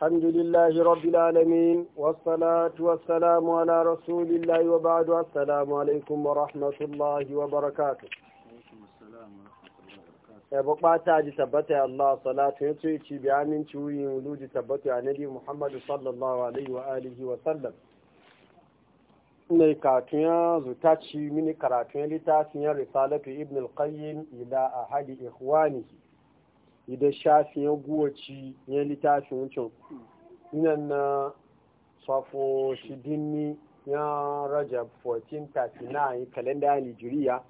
الحمد لله رب العالمين والصلاة والسلام على رسول الله وبعد السلام عليكم ورحمة الله وبركاته ebo ji tabbata ya Allah salatu ya ce ci bi aminci wuyin wuluji tabbata ya nabi Muhammadu sallallahu alaihi wa alihi wa sallam ne katun ya zuta ci mini karatun littafin ya risalatu ibn al-qayyim ila ahadi ikhwanihi idan shafi ya guwaci ya littafin wucin inan na safo shidinni ya rajab 1439 kalenda nigeria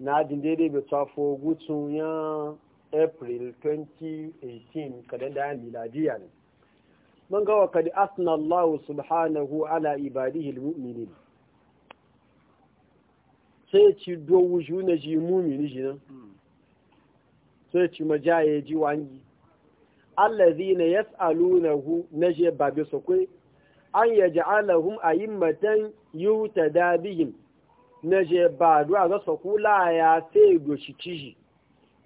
na jin daidai bai safo gutsun ya april 2018 kalenda miladiya ne من قال قد أثنى الله سبحانه على عباده المؤمنين سيتي دو وجونا جي مؤمنين جنا sai ya ci majaye ji wangi allazi na ya tsalu na hu na je babi su an ya ji alahun a yi matan yi ta dabiyin na je ba duwa ga sakula ya sai goshi ciji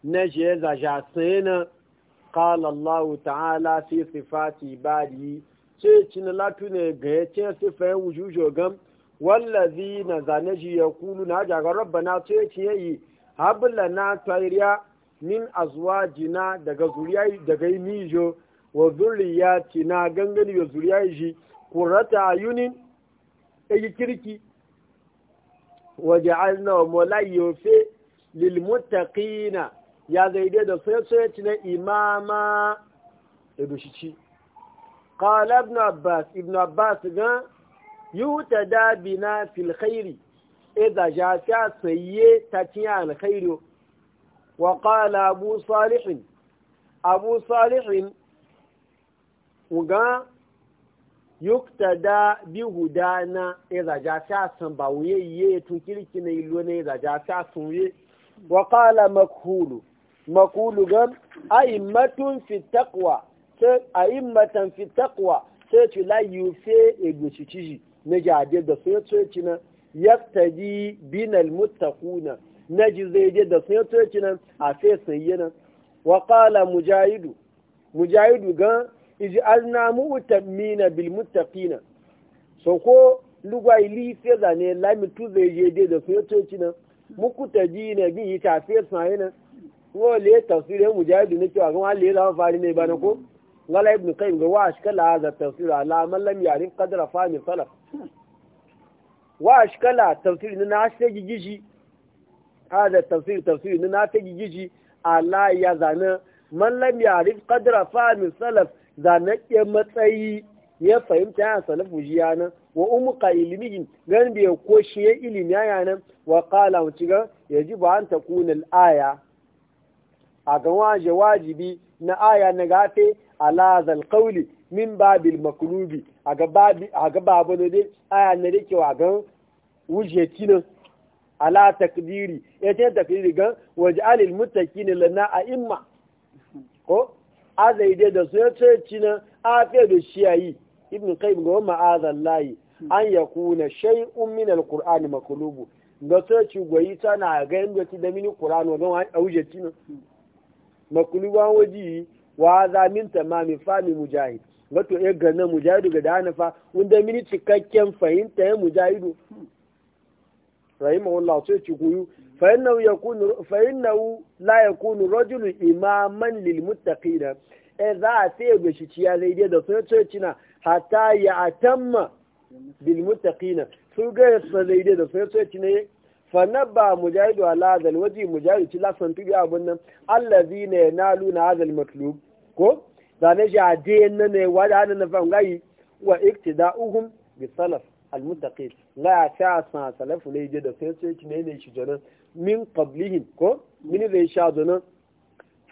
na je ja sai na kala Allah ta'ala fi sifati bari ce ci na latu ne ga ya ce sifayen wuju gam wallazi na zane ji ya kulu na jaga rabba na ce ci yayi habla na tariya min azwajina daga zuriya daga mijo wa tina gangani ya zuriya shi kurata ayunin ayi kirki wa ja'alna wa mulayyo fi lil muttaqina ya zaide da sai sai na imama edushici qala ibn abbas ibn abbas ga yutada bina fil khairi idza ja'a sayyi ta kiyan khairu وقال أبو صالح أبو صالح وقال yuktada bi hudana izaja ta san ba wuye ye tun kirki na ilo ne ta sun wuye wa qala makhulu makhulu gam aimmatun fi taqwa sai aimmatan fi taqwa sai ci la yufe na jade da sai sai ci na yaktaji binal muttaquna na ji zai je da sun yi nan a sun yi nan wa ƙala mujahidu mujahidu gan iji azna mina bil muttaqina so ko lugwa ili sai zane lami tu zai je je da sun yi nan mukuta ji na bi yi ta sun yi nan ko le tafsirin mujahidu na cewa kuma le zama fari ne ba na ko ngala ibn qayyim ga wa ashkala hadha tafsir ala man lam ya'rif qadra fahmi salaf wa ashkala tafsir na ashe gigishi da tafsir tafsir na ta gigiji ala ya zana man lam yarif qadra fahmi salaf zana ke matsayi ya fahimta ya salafu ji yana wa umqa ilmihi gan biya ko shi ya ilimi ya nan wa qala wuci an takuna al aya a ga waje wajibi na aya na gafe ala zal qawli min babil maklubi a ga babi a ga aya na dake wa gan wujeti nan ala takdiri ita ce takdiri gan waje alil ne lana a ko a da su ya ce a fiye da shi yayi ibn qayyim ga ma azallahi an ya shay'un min alqur'ani makulubu ga so ci goyi tana ga inda ti da mini qur'an wa gan auje ci na waji wa za min tamami fami mujahid ga to ga na mujahidu ga da fa wanda mini cikakken fahimta ya mujahidu rahimahullah sai ci kuyu fa innahu yakunu fa innahu la yakunu rajulu imaman lil muttaqina e za a sai ga shi ciya zai dai da sun ce ya atamma bil muttaqina su ga sai dai da sun ce cina فنبا مجاهد على هذا الوجه مجاهد تلا سنتبي أبنا الذين zane shi a dna ne wadda hannun na fangayi wa iktida'uhum bi salaf almuttaqin la sha sa salafu ne je da sai sai ne ne shi jana min qablihim ko min zai sha jana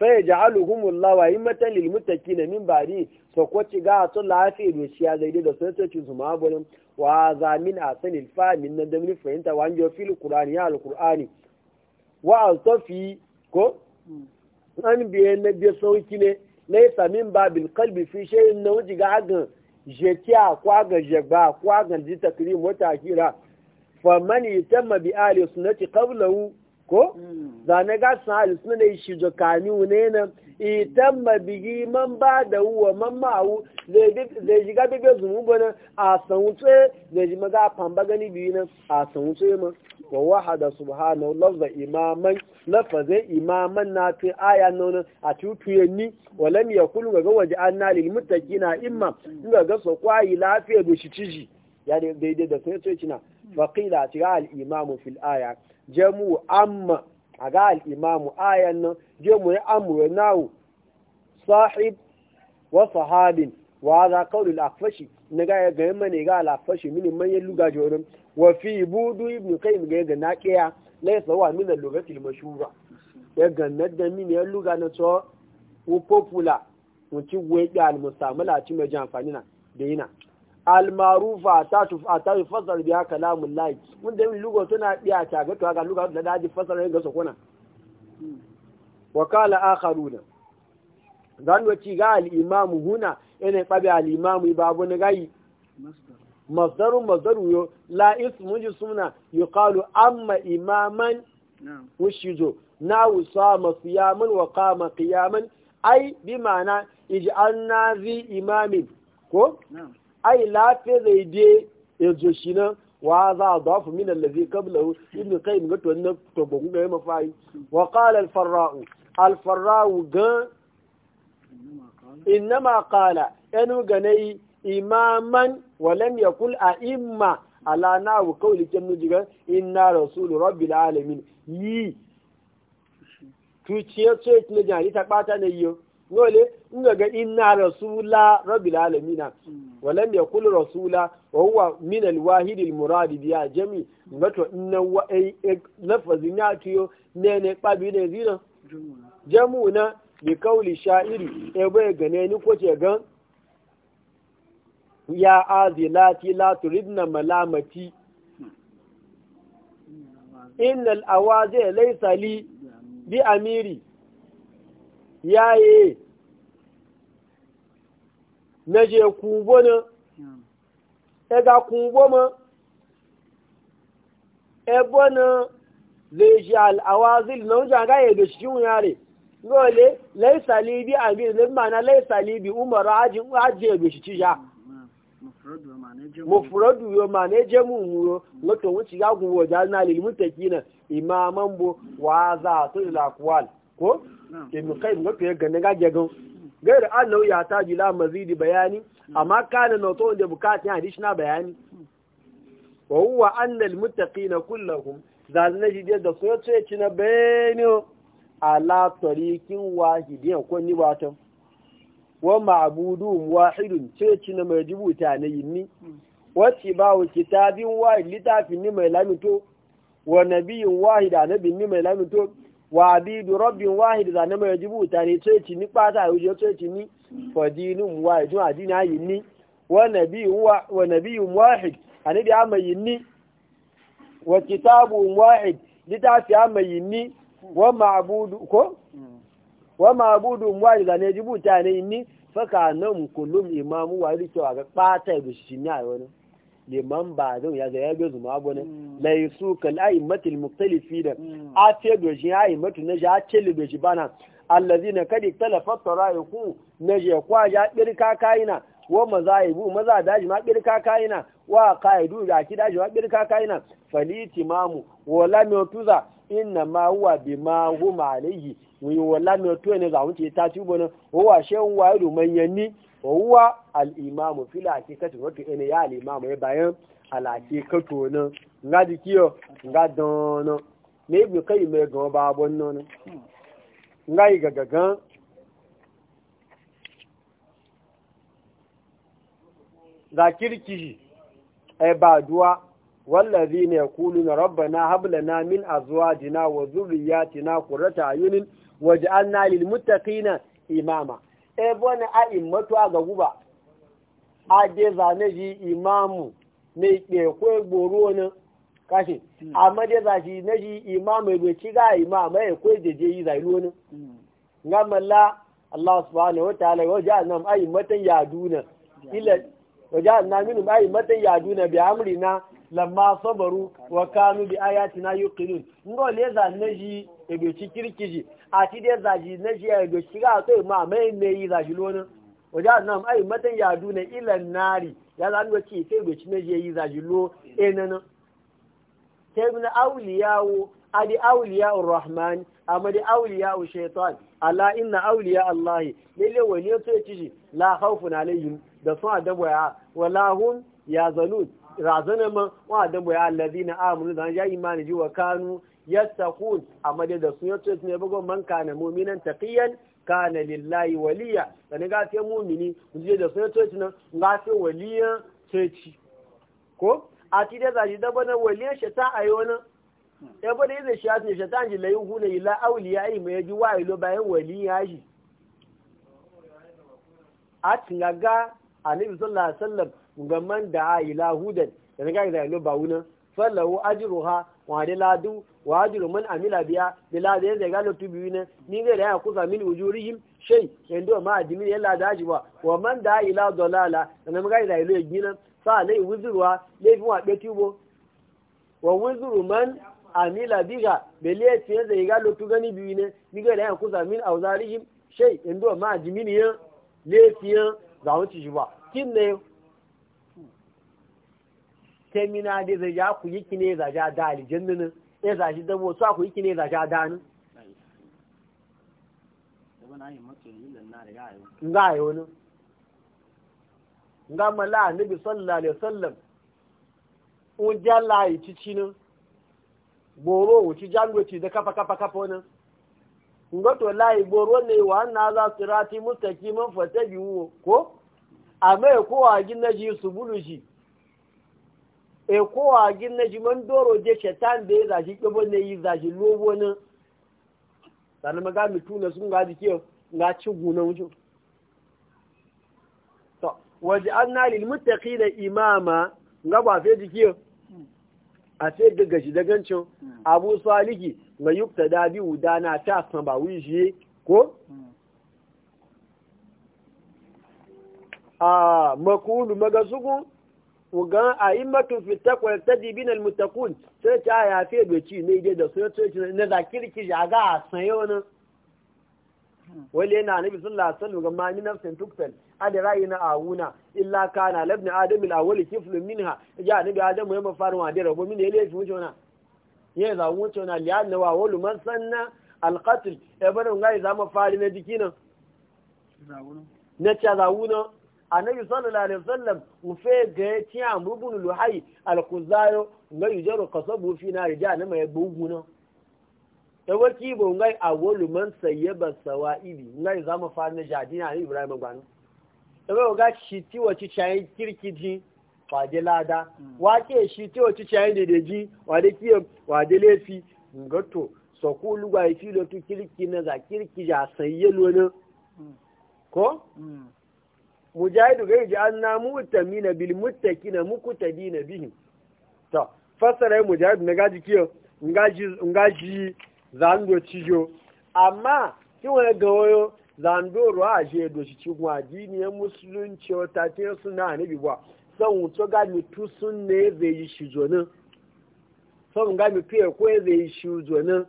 fa yaj'aluhum Allah wa imatan lil muttaqin min ba'di so ko ci ga to lafi do shi ya zai da sai sai su ma bolin wa zamin asanil fa min nan da min fahimta wa anjo fil qur'ani ya alqur'ani wa altafi ko an biye na biye sauki ne laysa min babil qalbi fi shay'in nawji ga hagan jekiya kwaga jegba kwaga ji takrim wata akira fa man yatamma bi ahli sunnati qablahu ko hmm. zane ga san ahli sunna ne shi jo kani ne itamma bi man ba da wa man ma'u zai ji ga bebe zumu bana a san wuce zai ji maga pamba gani biyu na a san wuce ma wa wahada subhanahu lafza imaman lafaze imaman na fi aya nan a tutuye ni wa lam yakul ga ga waje anna lil muttaqina imma ga ga so kwai lafiya da shi ciji ya daidai da sai sai cina faqila tiga al imamu fil aya jamu amma aga al imamu ayan nan jamu ya amru nau sahib wa sahabin wa hadha qawl al aqfashi na ga ya gayan mane ga alafashi mini manyan luga jorin wa fi budu ibn qayyim ga ga naqiya la yasawa min al-lughati al-mashhura ya ga nadda mini ya luga na to u popular mutum we ga al-mustamala ci mai jan amfani na da yana almarufa ta tufa ta fasar biya kalamun layi wanda yin lugo suna biya ta ga to ga lugo da daji fasal ga sokona wa kala akharuna zan wace ga al imamu huna ene kwabe alimamu babu na gayi masdaru masdaru yo la ismu ji suna yuqalu amma imaman wushizo na wusa masu siyaman wa kama qiyaman ai bi an na zi imamin ko ai la zai de ezo shi nan wa za a dafu min allazi qablahu ibn qayyim ga to wannan to yi ga wa qala farra'u ga innama qala yanu ganai imaman walam yakul a imma ala nawu kawli jannu diga inna rasulu rabbil alamin yi tuciye ce ne jani ta bata ne yo dole in ga inna rasula rabbil alamin walam yakul rasula wa huwa min al wahid al murad biya jami mato inna wa lafazin ya tiyo ne ne pabi ne zina jamuna bi kauli sha'iri e bai gane ni ko ce gan ya azilati la turidna malamati innal awazi laysa li bi amiri yaye naje kungo na e ga kubo ma e bona zai al awazil na wujan ga yadda shi yare gole laisa libi amir ne mana laisa libi umar ajin aje be shi tija mufradu yo je mu muro ngoto wuci ga gun wo jalna lil mutakina imaman bo wa za to la kwal ko ke mu kai ngoto ya ganne ga jagon gair annahu ya taji la mazidi bayani amma kana na to da bukatun additional bayani wa huwa anna al muttaqina kullahum zalna jide da so yace na bayani ala tariqin wahidin ko ni wato wa ma'budu wahidun ce ci na mai jibuta na yinni wacce ba wa kitabin wahid litafin ni mai lamito wa nabiyin wahid nabin ni mai lamito wa abidu rabbin wahid da na mai jibuta ne ce ci ni fata yau ce ci ni fadinun wahidun adini yinni wa nabiyin wahid anabi amma yinni wa kitabun wahid litafi amma yinni wa ma'budu ko wa ma'budu mwali ga ne jibuta ne ni faka nan kullum imamu wari to ga pata bi shi ne ayo ne liman ba zan ya ga ya gozu ma bone mm. lai su kal aimatil muktalifi da mm. a ce do shi aimatu na ja ce le shi bana allazina kadi talafat ra'ayku na je kwa ja birka kaina wa mazaibu maza daji ma birka kaina wa qaidu da kidaji daji ma birka kaina timamu wala mutuza inna ma huwa bi ma huma alayhi wi wala no to ne za wuce ce ta ci bono huwa shan wa ru manyanni huwa al imam fil hakikati wato ne ya al imam ya bayan al hakikato no nga dikiyo nga dono me bi kai me go ba bonno no nga yi gagagan za kirki e ba duwa والذين يقولون ربنا هب لنا من أزواجنا وذرياتنا قرة أعين واجعلنا للمتقين إماما ebona a immatu a gaguba a je zane ji imamu mai kekwe gboro ne kashi amma je za shi na ji imamu bai ci ga imama ya kwe je je yi zairo ne ngamalla Allah subhanahu wa ta'ala wa a'immatan yaduna ila wa lamma sabaru wa kanu bi ayatina yuqinun ngo le za naji ebe ci kirkiji ati de za ji naji ebe ci ga to e ma mai ne yi za ji lona waja nam ai matan ya duna ilan nari ya za ngo ci sai ebe ci naji e yi za lo enana sai mun awliyawo adi awliya'ur rahman amma di awliya'u shaytan ala inna awliya allah lalle wani to e ci la khawfun alaihim da sun adabu ya wala hum ya zanun razana ma wa da boya alladina amanu da ya imani ji wa kanu yattaqun amma da su yato ne bago man kana mu'minan taqiyan kana lillahi waliya dan ga sai mu'mini je da su yato ne ga sai waliya sai ci ko a ti da zaji da bana waliya shata ayona ya bane zai shi ne shatan ji layu huna ila awliya ai mai ji wa ilo bayan waliya shi a tinga ga annabi sallallahu alaihi wasallam ngaman da ila hudan da na gaga da ilo ba wuna fallawo ajiruha wa da ladu wa ajiru man amila biya da ladu yanzu ya galo tubi wina ni zai da ya kusa min wujurihim shai yanzu ma adimin ya lada aji ba wa man da ila dalala da na gaga da ilo ya gina sa lai wuzurwa laifin wa ɗaya tubo wa wuzuru man amila biga bele tiye zai galo tu gani biyu ne ni ga da ya kusa min auzarihim shai yanzu ma adimin ya laifiyan zawon ci shi ba kin ne temina dai zai ja ku yi kine za ja da aljanna ne ya za shi dabo su ku yi kine za ja dani ne nga yi wani nga mala nabi sallallahu alaihi wasallam un jalla yi cici ne boro jango jangoci da kafa kafa kafa ne nga to layi boro ne wa na za su rati mustaqiman biwo ko amma ko a gin naji su buluji e kowa gin na jiman doro je shetan da ya zashi kibo na yi zashi lobo ne sannan maga mutu na sun gaji ke ga ci guna wucin to waje an na lil mutaki na imama ga ba fe jike a fe daga shi dagancin abu saliki ga yukta da bi na ta san ba wujiye ko a makulu maga sugun ugan a yi makin fitakwar ta dibi na mutakun sai ta ya fi beci na ide da sun tsoci na da kirki ya ga a sanye wani wale yana nabi sun lasan wasallam ma mani nafsin tuktal da ra'ayi na awuna illa ka na labni adam wali awwal min ha ya nabi adam ya mafarin wa da rabu min ya lefi wuce wana ya za wuce wana li na wa wal man sanna Ya bani e bana yi za fari na jikina na cha zawuna wuna annabi sallallahu alaihi wasallam ufe ga ti amru bin luhai al-kuzayo nga yujaru fi nar jahannama ya gugu na e waki bo nga awolu man sayyaba sawaibi nga zama fa na jadina ni ibrahim gbanu e wo ga shi ti chai kirkiji wade lada hmm. wake shi ti wo ti chai dedeji wade kiyo wade lefi ngato sokulu ga ifilo tu kirki na za kirki ja sayyelo na hmm. ko hmm. mujahidu gai ji an na mutami na bil mutaki na mukutabi na bihi ta fassara yi mujahidu na gaji kiyo ngaji zando cijo amma kin wani gawayo zando ruwa a je doshi cikin adini ya musulunci wata ce suna anabi ba son wuto ga mitu sun ne zai yi shijo nan ga mitu ya ko zai yi shijo nan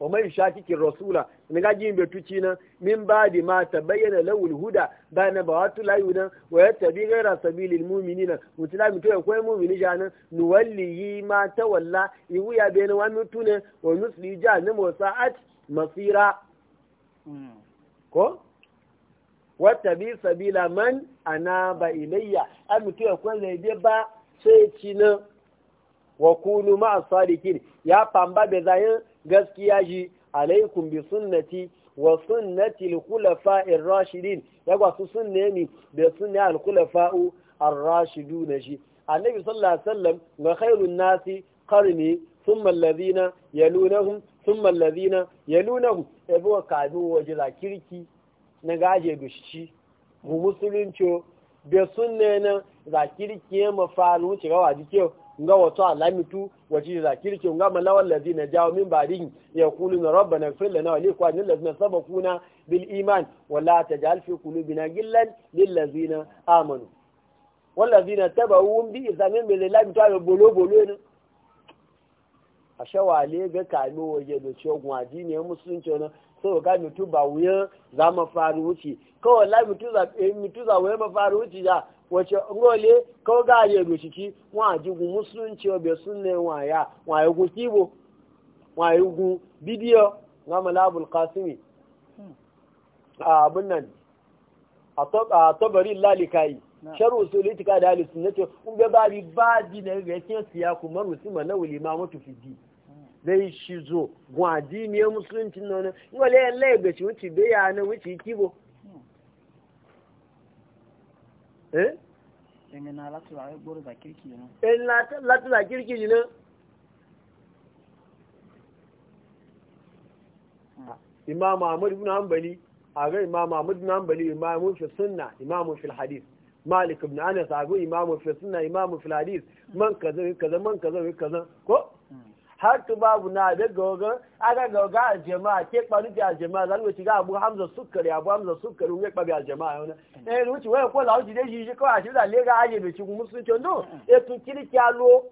wa mai shaki rasula ni ga jin betuci na min ba di ma ta bayyana lawul huda ba na ba watu layu na wa ya tabi gaira sabilil mu'minina mutila mi to ko mu'mini na nu yi ma ta walla iwu ya bayan wa mutune wa nusli na wa sa'at masira hmm. ko wa bi sabila man ana ba ilayya an mutu ya kwan zai ba sai ci na wa kunu ma asadikin ya pamba da zayin gaskiya ji alaikum bi sunnati wa sunnati al-khulafa ar-rashidin ya kwa su sunne ni da sunne al-khulafa ar-rashidun shi annabi sallallahu alaihi wasallam ga khairun nasi qarni thumma alladhina yalunahum thumma alladhina yalunahum ebo ka du waje la kirki na gaje gushi mu musulunci da sunne na za kirki ya mafalu ci gawa dikiyo nga wato alamitu waje da kirki nga malawal ladina jawo min ba'dihi yaquluna rabbana fil lana wa li ikhwanina alladhina sabaquna bil iman wala la taj'al fi qulubina gillan lil ladina amanu wal ladina tabawun bi izamin bil lamitu ayo bolo bolo ne a ale ga kame waje da shogun addini ya musulunci wani sau ga mutu ba wuyan za mu faru wuce kawai la mutu za eh, wuyan mu faru wuce ya wace ngole kawai ga ya ga ciki wa jigu musulunci wa bai sunne wa ya kibo wa bidiyo na malabul kasimi hmm. a abin nan a tabari lalikai sharu usuli tika da ahli sunnati un be ba bi ba di da ga yakin siya kuma rusima na wuli ma mutu fidi hmm. dai shi zo gwadi ne musulunci nono ngole lai ga ci wuci be ya na wuci kibo eh emina latula gboro kirki ne eh, ah. imam ahmad sunna imam fi hadith malik ibn anas aga imam fi sunna imam fi hadith hmm. man kaza kaza man kaza kaza ko har tu bụ na da goga aga goga a jama'a ke kparu ti a jama'a zan wuce ga abu hamza sukari abu hamza sukari wuce a jama'a yau na mm. eh wuce waya ko la wuce dai shi ko a shi da lega aje be ci musu no mm. e eh, tun kirki alo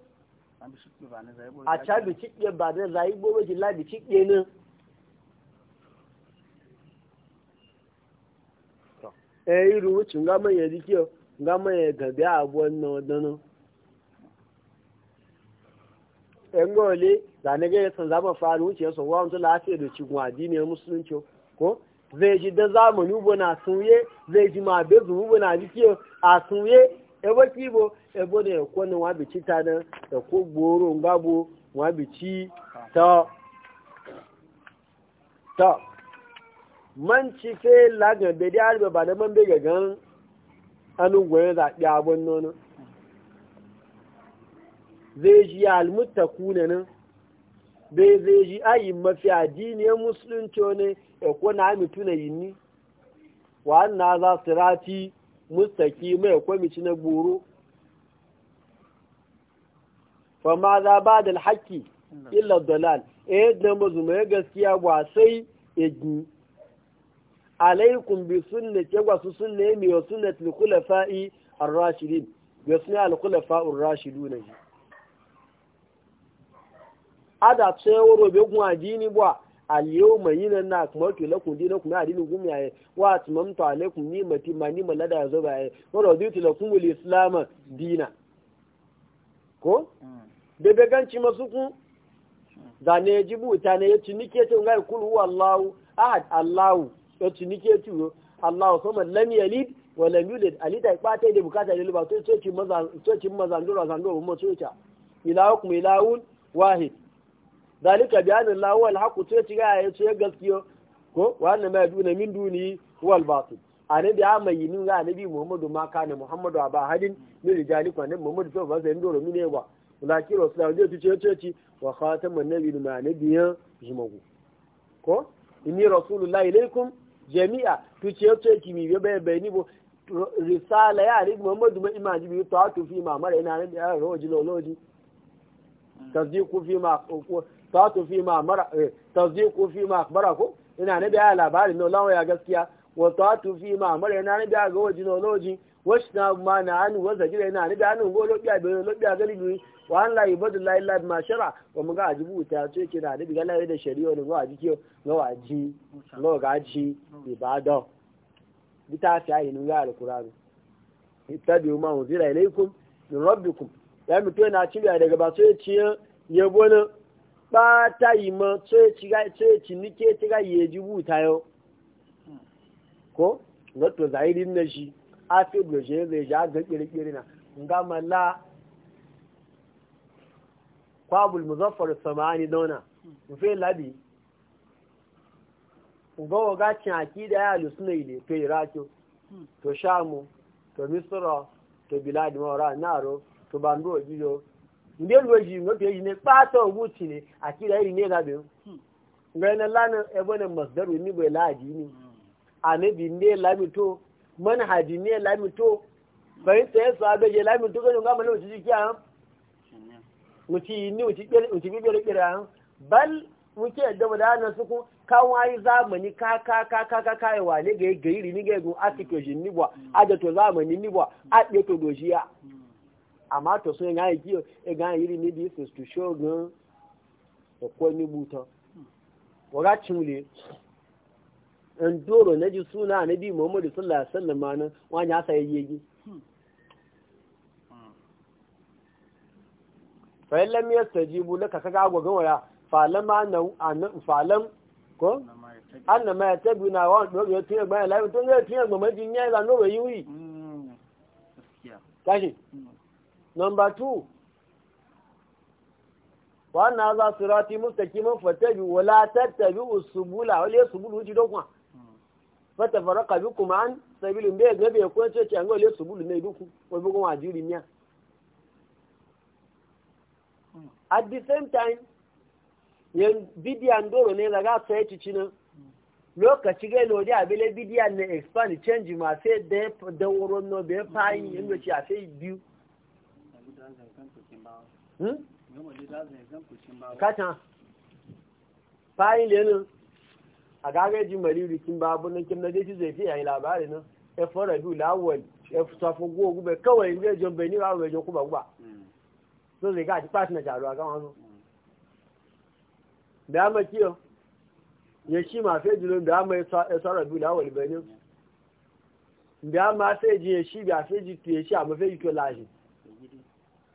a ta bi ci ba zai bo ne eh iru wuce engole da ne ga san zama faru wuce so wa unta lafiya da ci gwa dini musulunci ko zai ji da zamani ubo na sunye zai ji ma be zu ubo na jike a sunye e ba kibo e bo ne ko ne wa bici ta da da ko gboro ngabo wa bici ta ta man ci fe lagan be da ba da man be gan anu gwe da ya bon nono zai ji almuttaquna nan bai zai ji ayi mafi addiniyar musulunci ne na kona mituna yinni wa anna za su rati mustaki mai kwamici na goro fa ma za ba da alhaki illa dalal e eh, da mazu mai gaskiya ba sai egi alaikum bi sunnati wa su sunne mi wa sunnati al-khulafa'i ar-rashidin bi al-khulafa ar-rashidun ada tseworo be gun adini bwa al-yawma yinan na kuma ke lakum dinakum adinu gum yaye wa atmamtu alaykum ni'mati ma ni malada yazo baye wa raditu lakum al-islam dina ko de hmm. be ganci masuku da ne jibu ta ne yace nike to ngai kul huwa allah ahad allah yace nike to allah kuma lam yalid wa lam yulid alida ba ta da bukata da ba to ce ci maza to ci maza ndura zandura mu to ta ilahum ilahun wahid zalika bi anna Allah wal haqu sai ci ga ya ce gaskiyo ko wa anna ma duna min duni wal batil anabi amayin ga anabi Muhammadu ma kana Muhammadu aba hadin min rijali ko anabi Muhammadu to ba sai ndoro mine ba laki rasulullah zai tuce ce ci wa khatamun nabi ma anabi ya jimagu ko inni rasulullah ilaikum jami'a tuce ce ki mi be be ni bo risala ya anabi Muhammadu ma imaji bi to atu fi ma mara ina anabi ya roji loloji hmm. tasdiqu fi ma tatu fi ma mara eh, tasdiqu fi ma akhbaraku ina ne da labarin no lawa ya gaskiya wa tatu fi ma mara ina ne da ga waji no loji washna ma na an wa zajira ina ne da an go lobiya be lobiya galibi wa an la ibadu la ilaha ma shara wa mun ga ajibu ta ce na da shari'a ne wa ga waji ga bita ta yi ya ɓata yi ma tsoyaci nike ta ga yi ji buta yau ko wato zahirin na shi a fi bloshe zai ja ga na nga mala kwabul muzaffar samani dọna mufe labi ga waga cin aki da ya lusuna ile to iraki to shamu to misra to biladi mawara rọ to bando gido ndị elu eji nwoke eji ne kpata ogbu chine akira iri na gabe ngai na lana ebe ne masdaru ni bai laji ni anabi ne lamito manhaji ne lamito bai sai su abeje lamito ganin ga malamu jiki an muti ni muti kere muti bi kere kere an bal na da wadana suku kan wayi zamani ka ka ka ka ka kai wale ga gairi ni ga go atikoji ndị bo ajato zamani ni bo adeto dojiya mm. amma to sun ga yi e ga yi ni bi su to show gan to ko ni buta waga chimule an doro na ji suna annabi Muhammad sallallahu alaihi wasallam nan wani asa yi? fa lam yastajibu laka kaga gogan waya falama na falam ko anna ma yatabuna wa dogo ya tiya bayan lafi tun zai tiya goma jin yayi da no wayi wi mm, kashi number two wannan haza fatabi subulu fata faraka an sabilin bai ko ce subulu ne duku ko bi kuma ajiri at the same time yan bidiyan doro ne daga ci cinan lokaci gai a bile bidiyan ne expand change ma sai da da no bai fayin ci a sai biyu kacan fayin lenin a gagaji mariri kin babu nan kin na daji zai fi yayi labari na, ya fara biyu lawal ya safi guwa gube kawai zai jan bai ni ba bai jan kuma guba so zai gaji fashi na jaruwa kan wasu da ama kiyo ya shi ma sai jiro da ama ya fara biyu lawal bai ni da ama sai ji ya shi ba sai ji tuye shi amma sai ji to lashi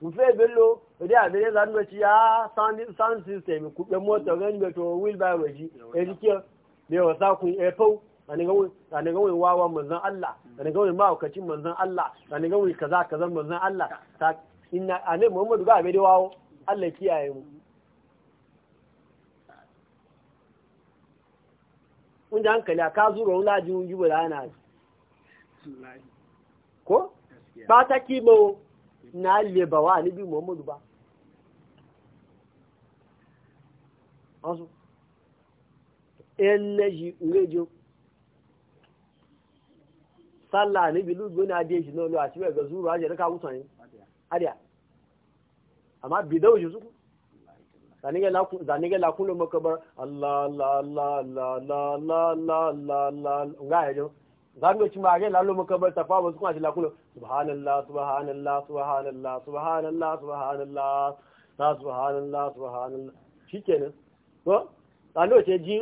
mu mufe bello ri abere zan do ci a sound sound system ku be moto gan be to wheel by waji e dikio e be wa sa ku e pau ani ga wai ani ga wai wawa manzon Allah ani ga wai ma'aukacin manzon Allah ani ga wai kaza kaza manzon Allah ta inna ani Muhammadu ga abere wawo Allah e kiyaye mu da hankali a ka zuro wula ji yi wula ana ko ba ta kibo na le ba wa ni bi muhammadu ba asu en ji ngejo sala ni bi lugo na de ji no lo ati ga zuru aje ka wutan yin adiya amma bidau ji su subhanallah subhanallah subhanallah subhanallah subhanallah na subhanallah subhanallah shikenan ko tsano ce ji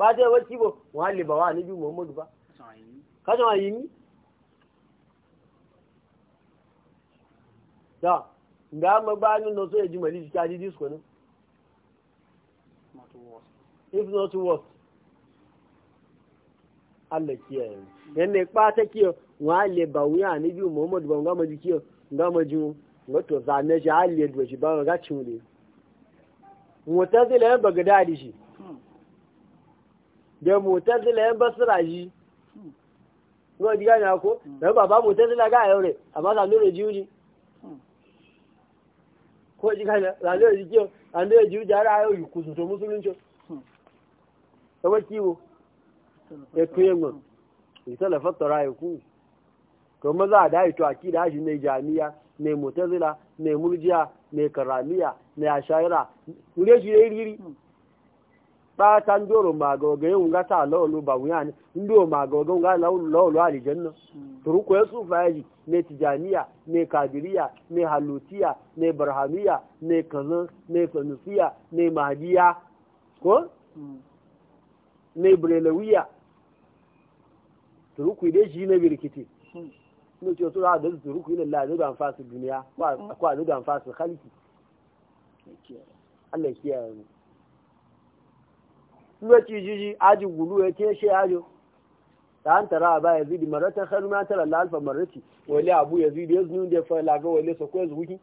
ba ta wacce ba wali ba wa nabi muhammadu ba ka ta yi ni da ga magbanin na so ya ji ta ji disko ne if not worse Allah kiyaye yanne ba ta kiyaye wa le ba wuya ne bi muhammadu ba ngama jiki ngama ju wato zane shi hali ya duwa shi ba ga cin ne mutazila yan bagada da shi da mutazila yan basira shi ko ga na ko da baba mutazila ga yaure amma ka nuna jiwuji ko diga na la nuna jiwuji an nuna jiwuji har ayo yi kusu to musulunci ta wakiwo ya tuyen mun ita la ya ku to maza a dai to akida shi ne jami'a ne mutazila ne murjiya ne karamiya ne ashaira kure shi yayi riri ba tan doro magoga yau ga ta lawlu ba wuya ne ndo magoga ga lawlu lawlu aljanna hmm. turuko yasu fayi ne tijaniya ne kadiriya ne halutiya ne barhamiya ne kaza ne sanusiya ne mahdiya ko hmm. ne brelawiya turuku dai shi ne birkiti hmm. ne ce sura da zuru fasu duniya ko a fasu khaliki Allah ya kiyaye mu jiji aji gulu ya ke shi ajo ta an tara ba ya zidi ma tara la alfa marati wali abu ya zidi yaznu da fa la ga wali so ko zuki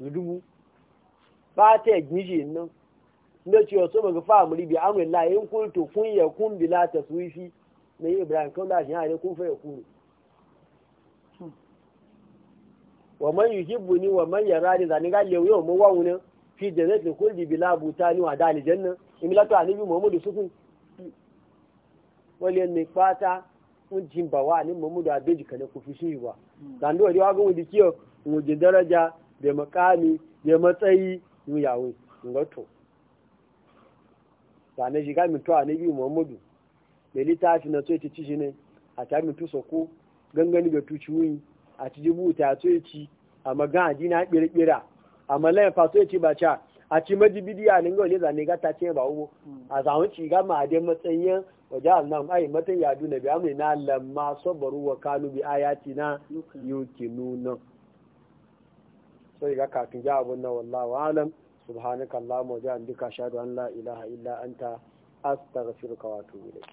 zudubu ba ta nan lokaci so ba ga fa amri bi amri la in kuntu kun yakun bila taswifi ne ibrahim kan da shi ya kun fa yakunu wa man yuhibbuni wa man yarani zani ga lewu yau mu wawu ne fi jannatin kulli bila butani wa dali janna imila to anabi muhammadu sukun wale ne fata un jimba wa ni muhammadu abeji kana ku fi shi wa dan do ri wa go di kiyo mu je daraja da makami da matsayi mu yawo ngoto sane shiga min to anabi muhammadu da litafi na so ci ci ne a ta min tu soko gangani ga tuci wuyi a ci ta so ya ci a ji na kirkira a malayan fa to ya ci ba ca a ci maji bidiya ne wani zane gata ce ba ubu a samu ci ga ma dai matsayin waje annam ai matan yadu na biya mai na lamma sabaru wa kanu bi ayati na so sai ga kafin ja abun na wallawa alam wa bihamdika an la ilaha illa anta astaghfiruka wa atubu